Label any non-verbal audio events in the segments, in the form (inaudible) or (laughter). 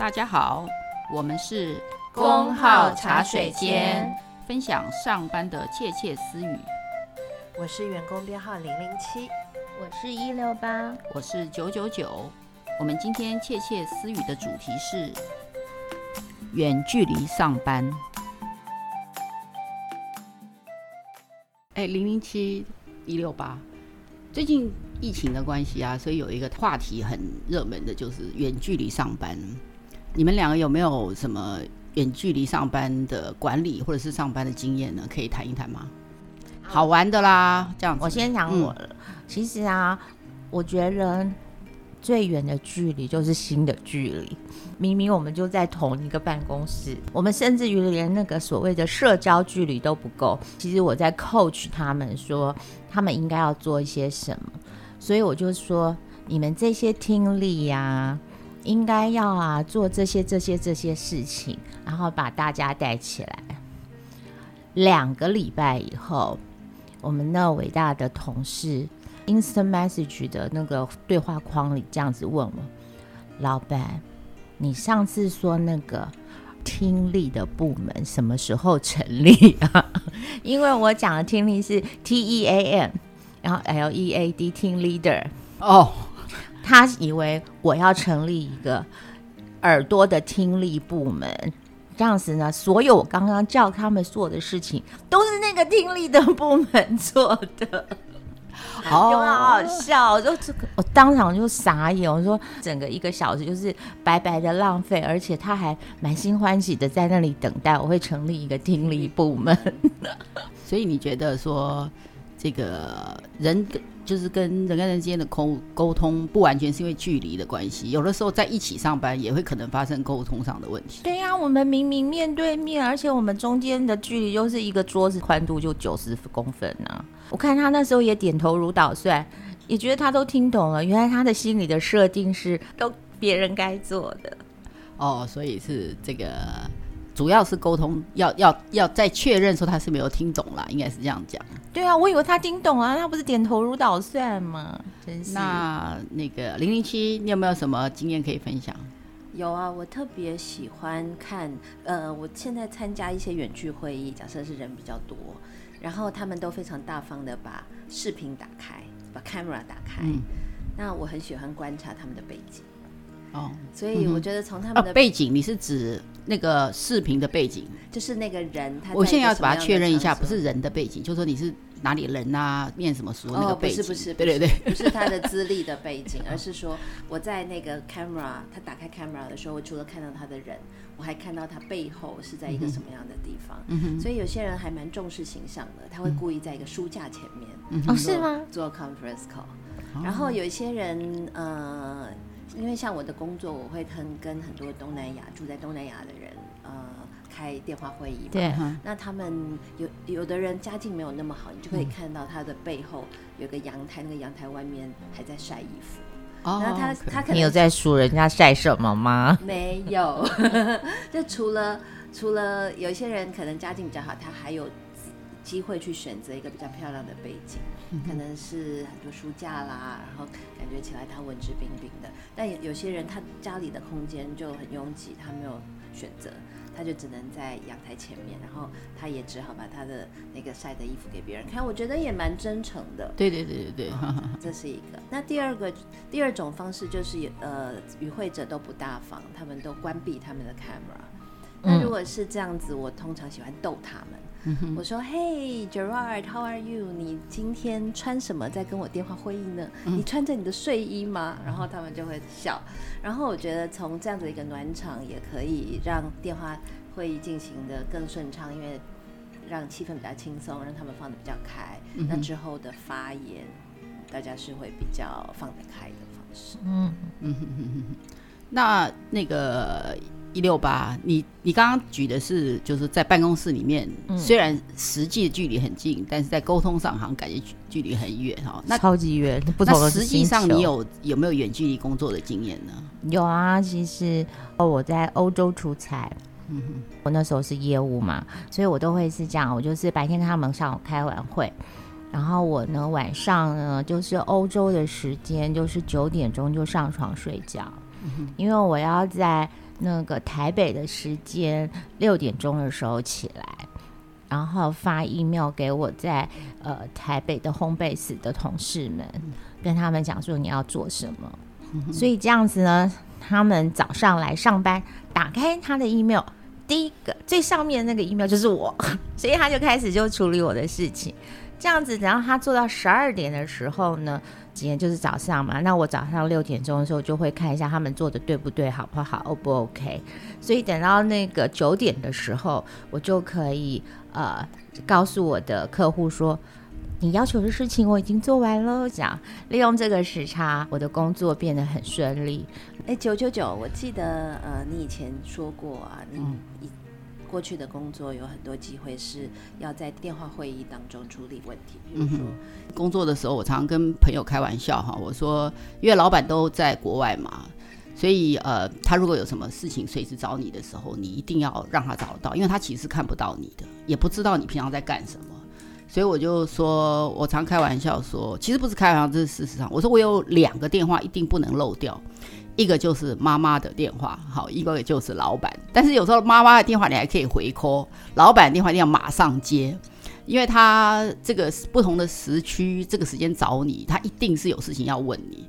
大家好，我們是工號茶水間，分享上班的竊竊私語。我是員工編號零零七，我是一六八，我是九九九。我們今天竊竊私語的主題是遠距離上班。哎、欸，零零七一六八，最近疫情的關係啊，所以有一個話題很熱門的，就是遠距離上班。你們兩個有沒有什麼遠距離上班的管理或者是上班的經驗呢？可以談一談嗎？好，好玩的啦，這樣子。我先講我了，嗯、其實啊，我覺得最遠的距離就是心的距離。明明我們就在同一個辦公室，我們甚至於連那個所謂的社交距離都不夠。其實我在 coach 他們說他們應該要做一些什麼，所以我就說，你們這些聽力呀、啊。應該要啊，做這些這些這些事情，然後把大家帶起來。兩個禮拜以後，我們那偉大的同事，Instant Message 的那個對話框裡這樣子問我：“老闆，你上次說那個聽力的部門什麼時候成立啊？” (laughs) 因為我講的聽力是 T E A M，然後 L E A D 聽 Leader 哦。Oh. 他以為我要成立一個耳朵的聽力部門，這樣子呢，所有我剛剛叫他們做的事情，都是那個聽力的部門做的，好好笑。就這個，我當場就傻眼。我說整個一個小時就是白白的浪費，而且他還滿心歡喜的在那裡等待，我會成立一個聽力部門。 (laughs) 所以你覺得說這個人？就是跟人跟人之間的溝溝通不完全是因為距離的關係，有的時候在一起上班也會可能發生溝通上的問題。對呀、啊，我們明明面對面，而且我們中間的距離就是一個桌子寬度就九十公分呢、啊。我看他那時候也點頭如搗蒜，也覺得他都聽懂了。原來他的心裡的設定是都別人該做的。哦，所以是這個，主要是溝通要要要再確認說他是沒有聽懂啦，應該是這樣講。對啊，我以為他聽懂了，他不是點頭如搗蒜嗎？真是。那那個零零七，你有沒有什麼經驗可以分享？有啊，我特別喜歡看，呃，我現在參加一些遠距會議，假設是人比較多，然後他們都非常大方的把視頻打開，把 camera 打開。嗯、那我很喜歡觀察他們的背景。哦，所以我覺得從他們的背景，嗯啊、背景你是指？那個視頻的背景就是那個人他個的，他我現在要把它確認一下，不是人的背景，就是說你是哪裡人啊，念什麼書？哦、那個背景不是，不是不是，對對，對不是他的資歷的背景， (laughs) 而是說我在那個 camera，他打開 camera 的時候，我除了看到他的人，我還看到他背後是在一個什麼樣的地方。嗯嗯、所以有些人還蠻重視形象的，他會故意在一個書架前面、嗯、哼哦，是嗎？做 conference call，然後有一些人呃。因為像我的工作，我會跟跟很多東南亞住在東南亞的人，呃，開電話會議嘛。對。那他們有有的人家境沒有那麼好，你就可以看到他的背後有個陽台，那個陽台外面還在曬衣服。哦。那他 okay. 他可能有在數人家曬什麼嗎？沒有， (laughs) 就除了除了有一些人可能家境比較好，他還有。機會去選擇一個比較漂亮的背景，可能是很多書架啦，然後感覺起來他文質彬彬的。但有，有些人他家裡的空間就很擁擠，他沒有選擇，他就只能在陽台前面，然後他也只好把他的那個曬的衣服給別人看。我覺得也蠻真誠的。對對對對對，嗯，這是一個。那第二個第二種方式就是，呃，與會者都不大方，他們都關閉他們的 camera。那如果是這樣子，嗯、我通常喜歡逗他們。嗯、哼我說：“Hey Gerard，how are you？你今天穿什麼在跟我電話會議呢？嗯、你穿着你的睡衣嗎？”然後他們就會笑。然後我覺得從這樣子一個暖場，也可以讓電話會議進行得更順暢，因為讓氣氛比較輕鬆，讓他們放得比較開。嗯、哼那之後的發言，大家是會比較放得開的方式。嗯嗯嗯嗯。那那個。一六八，8，你你剛剛舉的是就是在辦公室裡面，嗯、雖然實際的距離很近，但是在溝通上好像感覺距離很遠哈、哦，那超級遠。不那實際上你有有沒有遠距離工作的經驗呢？有啊，其實哦，我在歐洲出差，嗯、哼我那時候是業務嘛，所以我都會是這樣，我就是白天跟他們上午開完會，然後我呢晚上呢就是歐洲的時間就是九點鐘就上床睡覺，嗯、哼因為我要在。那個台北的時間六點鐘的時候起來，然後發 email 給我在呃台北的 home base 的同事們，跟他們講說你要做什麼，所以這樣子呢，他們早上來上班，打開他的 email，第一個最上面那個 email 就是我，所以他就開始就處理我的事情。這樣子，然後他做到十二點的時候呢，今天就是早上嘛。那我早上六點鐘的時候就會看一下他們做的對不對，好不好？O 不 OK？所以等到那個九點的時候，我就可以呃告訴我的客戶說：“你要求的事情我已經做完了。”這樣利用這個時差，我的工作變得很順利。哎，九九九，我記得呃，你以前說過啊，你嗯。過去的工作有很多機會是要在電話會議當中處理問題，比如說，嗯哼，工作的時候，我常常跟朋友開玩笑哈，我說，因為老闆都在國外嘛，所以呃，他如果有什麼事情隨時找你的時候，你一定要讓他找到，因為他其實是看不到你的，也不知道你平常在幹什麼。所以我就說，我常開玩笑說，其實不是開玩笑，這是事實上。我說我有兩個電話一定不能漏掉，一個就是媽媽的電話，好，一個就是老闆。但是有時候媽媽的電話你還可以回 call，老闆的電話一定要馬上接，因為他這個不同的時區，這個時間找你，他一定是有事情要問你。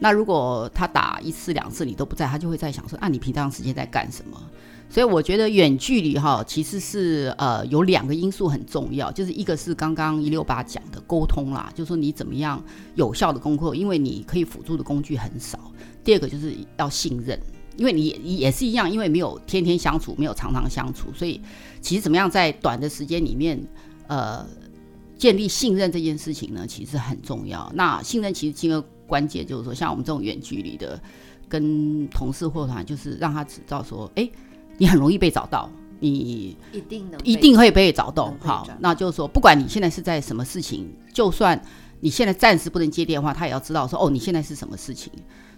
那如果他打一次兩次你都不在，他就會在想說，那，啊，你平常時間在幹什麼？所以我覺得遠距離哈、哦，其實是呃有兩個因素很重要，就是一個是剛剛一六八講的溝通啦，就是說你怎麼樣有效的溝通，因為你可以輔助的工具很少；第二個就是要信任，因為你也也是一樣，因為沒有天天相處，沒有常常相處，所以其實怎麼樣在短的時間裡面，呃，建立信任這件事情呢，其實很重要。那信任其實金額關鍵就是說，像我們這種遠距離的跟同事或團，就是讓他知道說，哎，你很容易被找到，你一定能一定會被找到。好，那就是說，不管你現在是在什麼事情，就算你現在暫時不能接電話，他也要知道說，哦，你現在是什麼事情。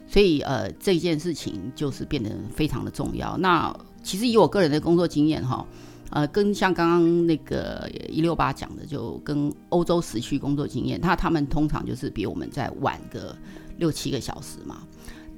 所以，呃，這件事情就是變得非常的重要。那其實以我個人的工作經驗，哈，呃，跟像剛剛那個一六八講的，就跟歐洲時區工作經驗，那他們通常就是比我們再晚個六七個小時嘛。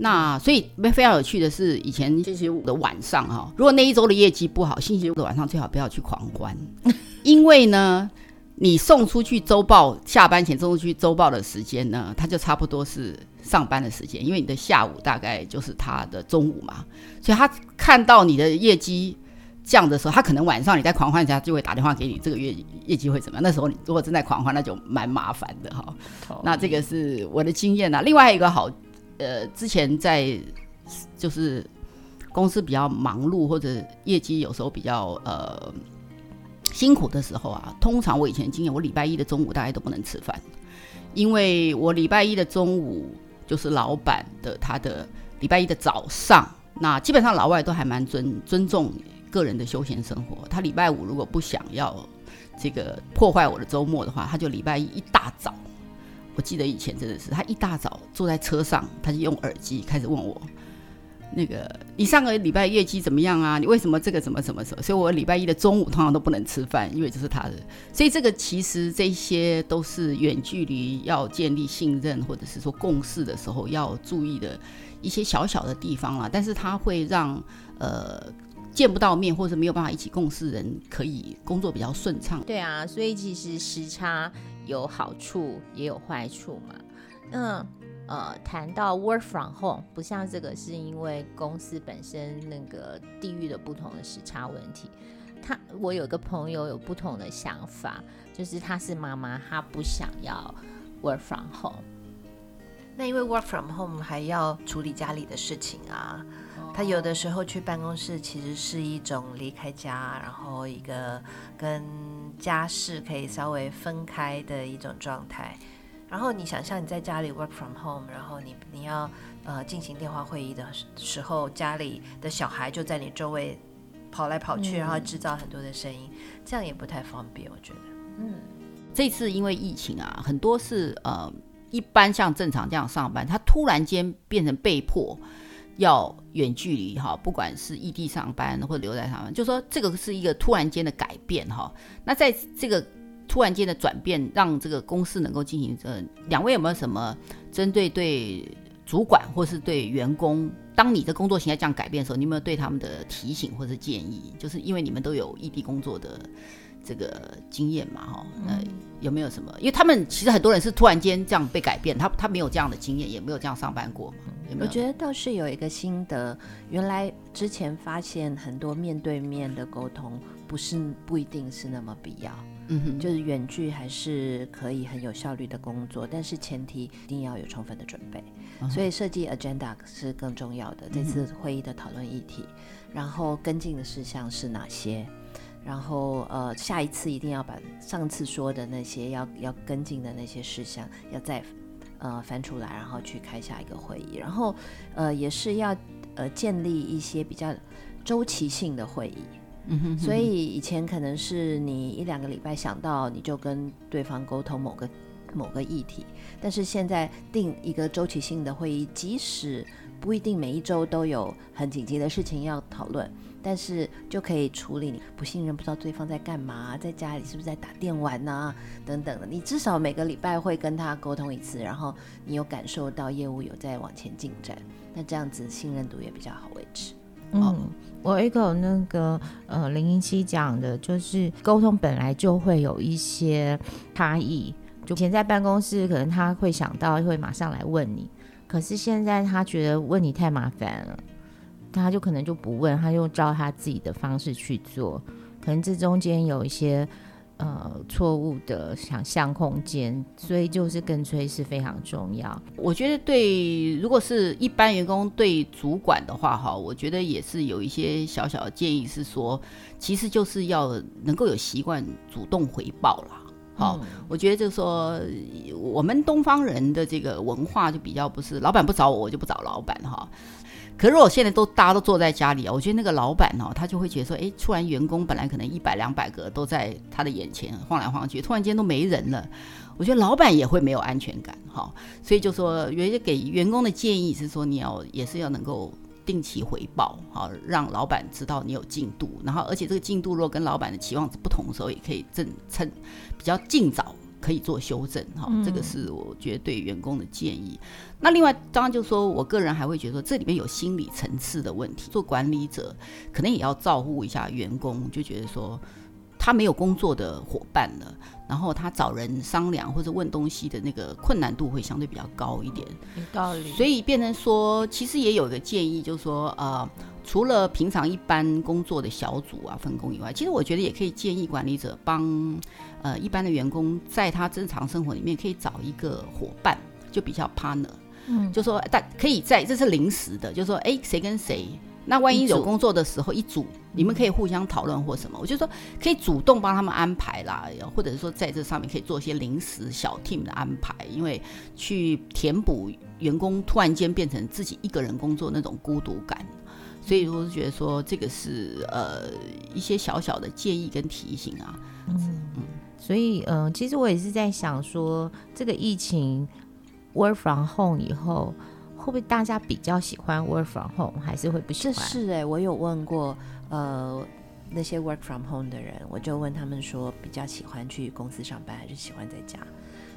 那所以非常有趣的是，以前星期五的晚上哈、哦，如果那一周的業績不好，星期五的晚上最好不要去狂歡， (laughs) 因為呢，你送出去周報，下班前送出去周報的時間呢，他就差不多是上班的時間，因為你的下午大概就是他的中午嘛，所以他看到你的業績降的時候，他可能晚上你在狂歡的時候，他就會打電話給你，這個月業績會怎麼樣？那時候你如果正在狂歡，那就蠻麻煩的哈、哦。好那這個是我的經驗啊。另外還有一個好。呃，之前在就是公司比較忙碌或者業績有時候比較呃辛苦的時候啊，通常我以前的經驗，我禮拜一的中午大概都不能吃飯，因為我禮拜一的中午就是老闆的他的禮拜一的早上，那基本上老外都還蠻尊尊重個人的休閒生活，他禮拜五如果不想要這個破壞我的週末的話，他就禮拜一一大早。我記得以前真的是，他一大早坐在車上，他就用耳機開始問我：“那個，你上個禮拜業績怎麼樣啊？你為什麼這個怎麼怎麼怎麼？”所以我禮拜一的中午通常都不能吃飯，因為這是他的。所以這個其實這些都是遠距離要建立信任或者是說共事的時候要注意的一些小小的地方啦、啊。但是它會讓呃。見不到面，或者是沒有辦法一起共事人，人可以工作比較順暢。對啊，所以其實時差有好處也有壞處嘛。嗯，呃，談到 work from home，不像這個是因為公司本身那個地域的不同的時差問題。他，我有個朋友有不同的想法，就是他是媽媽，他不想要 work from home。那因為 work from home 還要處理家裡的事情啊。他有的時候去辦公室，其實是一種離開家，然後一個跟家事可以稍微分開的一種狀態。然後你想象你在家裡 work from home，然後你你要呃進行電話會議的時候，家裡的小孩就在你周圍跑來跑去，然後制造很多的聲音，這樣也不太方便。我覺得，嗯，這次因為疫情啊，很多是呃，一般像正常這樣上班，他突然間變成被迫。要遠距離哈，不管是異地上班或者留在上班，就說這個是一個突然間的改變哈。那在這個突然間的轉變，讓這個公司能夠進行、這個，呃，兩位有沒有什麼針對對主管或是對員工，當你的工作形態這樣改變的時候，你有沒有對他們的提醒或是建議？就是因為你們都有異地工作的。這個經驗嘛，哈，那有沒有什麼？因為他們其實很多人是突然間這樣被改變，他他沒有這樣的經驗，也沒有這樣上班過嘛。有沒有什麼？我覺得倒是有一個心得，原來之前發現很多面對面的溝通不是不一定是那麼必要，嗯哼，就是遠距還是可以很有效率的工作，但是前提一定要有充分的準備。嗯哼，所以設計 agenda 是更重要的。嗯，這次會議的討論議題，然後跟進的事項是哪些？然後，呃，下一次一定要把上次說的那些要要跟進的那些事項，要再，呃，翻出來，然後去開下一個會議。然後，呃，也是要，呃，建立一些比較週期性的會議。嗯哼。所以以前可能是你一兩個禮拜想到，你就跟對方溝通某個某個議題，但是現在定一個週期性的會議，即使不一定每一周都有很緊急的事情要討論。但是就可以處理你不信任，不知道對方在幹嘛，在家裡是不是在打電玩呢？啊？等等的，你至少每個禮拜會跟他溝通一次,然後你有感受到業務有在往前進展,那這樣子信任度也比較好維持。嗯，我一個那個呃零零七講的，就是溝通本來就會有一些差異，就以前在辦公室可能他會想到會馬上來問你，可是現在他覺得問你太麻煩了。他就可能就不問，他就照他自己的方式去做，可能這中間有一些呃錯誤的想象空間，所以就是跟催是非常重要。我覺得對，如果是一般員工對主管的話，哈，我覺得也是有一些小小的建議是說，其實就是要能夠有習慣主動回報啦。好，嗯，我覺得就是說，我們東方人的這個文化就比較不是，老闆不找我，我就不找老闆，哈。可是我現在都大家都坐在家裡啊，我覺得那個老闆哦，他就會覺得說，哎，突然員工本來可能一百兩百個都在他的眼前晃來晃去，突然間都沒人了，我覺得老闆也會沒有安全感哈、哦。所以就說，原給員工的建議是說，你要也是要能夠定期回報啊、哦，讓老闆知道你有進度，然後而且這個進度如果跟老闆的期望值不同的時候，也可以正趁趁比較盡早。可以做修正哈，這個是我覺得對員工的建議。嗯、那另外，當然就是說我個人還會覺得說，這裡面有心理層次的問題。做管理者可能也要照顧一下員工，就覺得說他沒有工作的夥伴了。然後他找人商量或者問東西的那個困難度會相對比較高一點，有道理。所以變成說，其實也有一個建議，就是說，呃，除了平常一般工作的小組啊分工以外，其實我覺得也可以建議管理者幫呃一般的員工，在他正常生活裡面可以找一個伙伴，就比較 partner，嗯，就說但可以在這是臨時的，就說哎誰跟誰。那萬一有工作的時候，一組，一組你們可以互相討論或什麼，嗯、我就說可以主動幫他們安排啦，或者是說在這上面可以做一些臨時小 team 的安排，因為去填補員工突然間變成自己一個人工作那種孤獨感，嗯、所以我是覺得說，這個是呃一些小小的建議跟提醒啊，嗯，嗯所以呃其實我也是在想說，這個疫情 work from home 以後。會不會大家比較喜歡 work from home，還是會不喜歡？這是誒、欸，我有問過呃那些 work from home 的人，我就問他們說比較喜歡去公司上班，還是喜歡在家？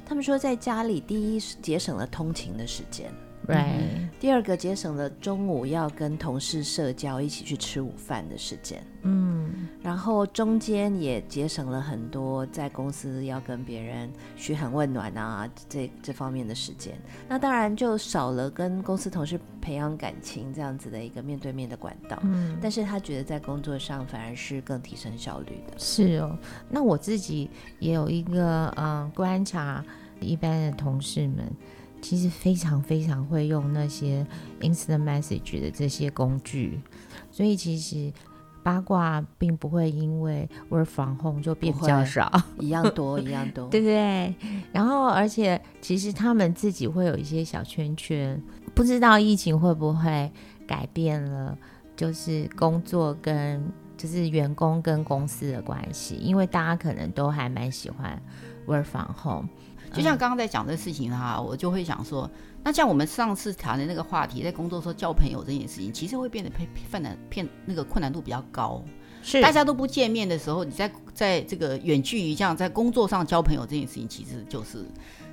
他們說在家裡第一，節省了通勤的時間。對 Right.、嗯，第二個節省了中午要跟同事社交、一起去吃午飯的時間，嗯，然後中間也節省了很多在公司要跟別人噓寒問暖啊這這方面的時間。那當然就少了跟公司同事培養感情這樣子的一個面對面的管道。嗯，但是他覺得在工作上反而是更提升效率的。是哦，那我自己也有一個嗯、呃、觀察，一般的同事們。其實非常非常會用那些 instant message 的這些工具，所以其實八卦並不會因為 work from home 就變比較少，一樣多一樣多，樣多。 (laughs) 對不對？然後而且其實他們自己會有一些小圈圈，不知道疫情會不會改變了，就是工作跟。就是員工跟公司的關係，因為大家可能都還蠻喜歡 work from home。就像剛剛在講這事情哈，我就會想說，那像我們上次談的那個話題，在工作時候交朋友這件事情，其實會變得偏偏困難，偏那個困難度比較高。是大家都不見面的時候，你在在這個遠距離這樣在工作上交朋友這件事情，其實就是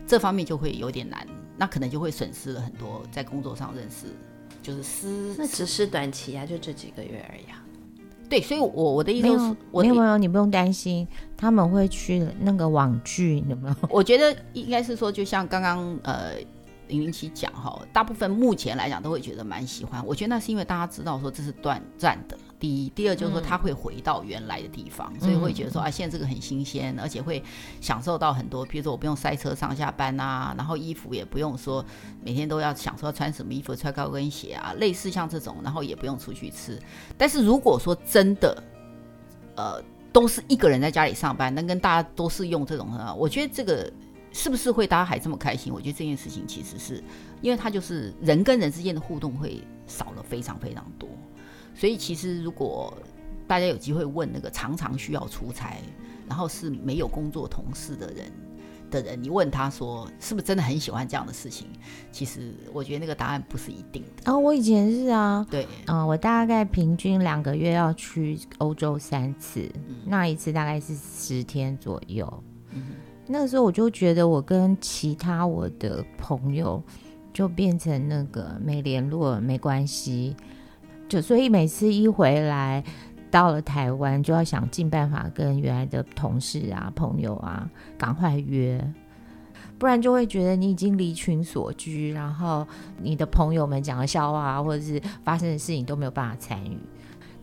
這方面就會有點難，那可能就會損失了很多在工作上認識，就是私那只是短期啊，就這幾個月而已啊。對，所以我，我我的意思、就是有我朋的友、啊、你不用擔心，他們會去那個網劇，你有沒有？我覺得應該是說，就像剛剛呃零零七講哈，大部分目前來講都會覺得蠻喜歡。我覺得那是因為大家知道說這是短暫的。第一，第二就是說他會回到原來的地方，嗯、所以會覺得說啊，現在這個很新鮮，而且會享受到很多，比如說我不用塞車上下班啊，然後衣服也不用說每天都要想說要穿什麼衣服，穿高跟鞋啊，類似像這種，然後也不用出去吃。但是如果說真的，呃，都是一個人在家裡上班，能跟大家都是用這種好，我覺得這個是不是會大家還這麼開心？我覺得這件事情其實是，因為它就是人跟人之間的互動會少了非常非常多。所以其實，如果大家有機會問那個常常需要出差，然後是沒有工作同事的人的人，你問他說，是不是真的很喜歡這樣的事情？其實我覺得那個答案不是一定的。啊、哦，我以前是啊，對啊、呃，我大概平均兩個月要去歐洲三次，嗯、那一次大概是十天左右。嗯、那時候我就覺得，我跟其他我的朋友就變成那個沒聯絡沒關係。所以每次一回來到了台灣，就要想盡辦法跟原來的同事啊、朋友啊趕快約，不然就會覺得你已經離群索居，然後你的朋友們講個笑話、啊、或者是發生的事情都沒有辦法參與。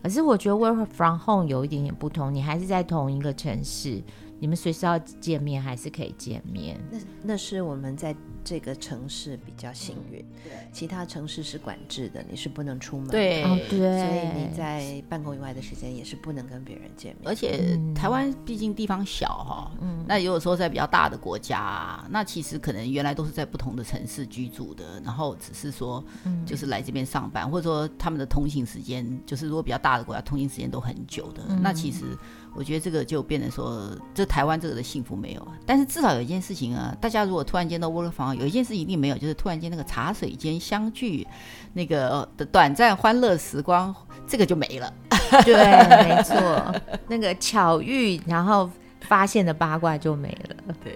可是我覺得 Work from Home 有一點點不同，你還是在同一個城市。你們隨時要見面還是可以見面？那那是我們在這個城市比較幸運，嗯、對，其他城市是管制的，你是不能出門，對，所以你在辦公以外的時間也是不能跟別人見面。而且、嗯、台灣畢竟地方小哈，嗯，那如果說在比較大的國家，嗯、那其實可能原來都是在不同的城市居住的，然後只是說，嗯，就是來這邊上班，嗯、或者說他們的通勤時間，就是如果比較大的國家，通勤時間都很久的，嗯、那其實我覺得這個就變成說這。台灣這個的幸福沒有，但是至少有一件事情啊，大家如果突然間到窩了房，有一件事一定沒有，就是突然間那個茶水間相聚，那個的短暫歡樂時光，這個就沒了。對， (laughs) 沒錯，那個巧遇然後發現的八卦就沒了。對，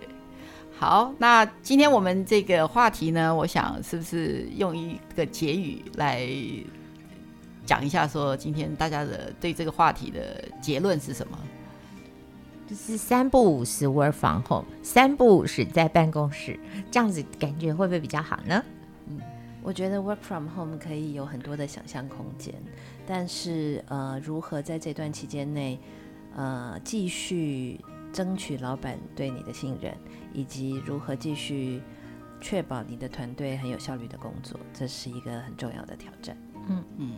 好，那今天我們這個話題呢，我想是不是用一個結語來講一下，說今天大家的對這個話題的結論是什麼？就是三不五時 work from home，三不五時在辦公室，這樣子感覺會不會比較好呢？嗯，我覺得 work from home 可以有很多的想象空間，但是呃，如何在這段期間內呃繼續爭取老闆對你的信任，以及如何繼續確保你的團隊很有效率的工作，這是一個很重要的挑戰。嗯嗯，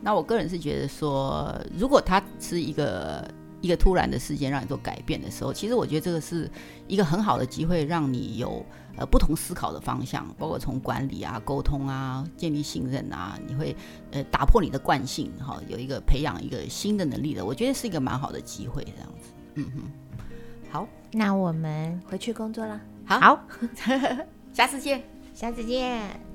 那我個人是覺得說，如果他是一個。一個突然的事件讓你做改變的時候，其實我覺得這個是一個很好的機會，讓你有呃不同思考的方向，包括從管理啊、溝通啊、建立信任啊，你會呃打破你的慣性，哈、哦，有一個培養一個新的能力的，我覺得是一個蠻好的機會，這樣子。嗯嗯，好，那我們回去工作了。好，好， (laughs) 下次見，下次見。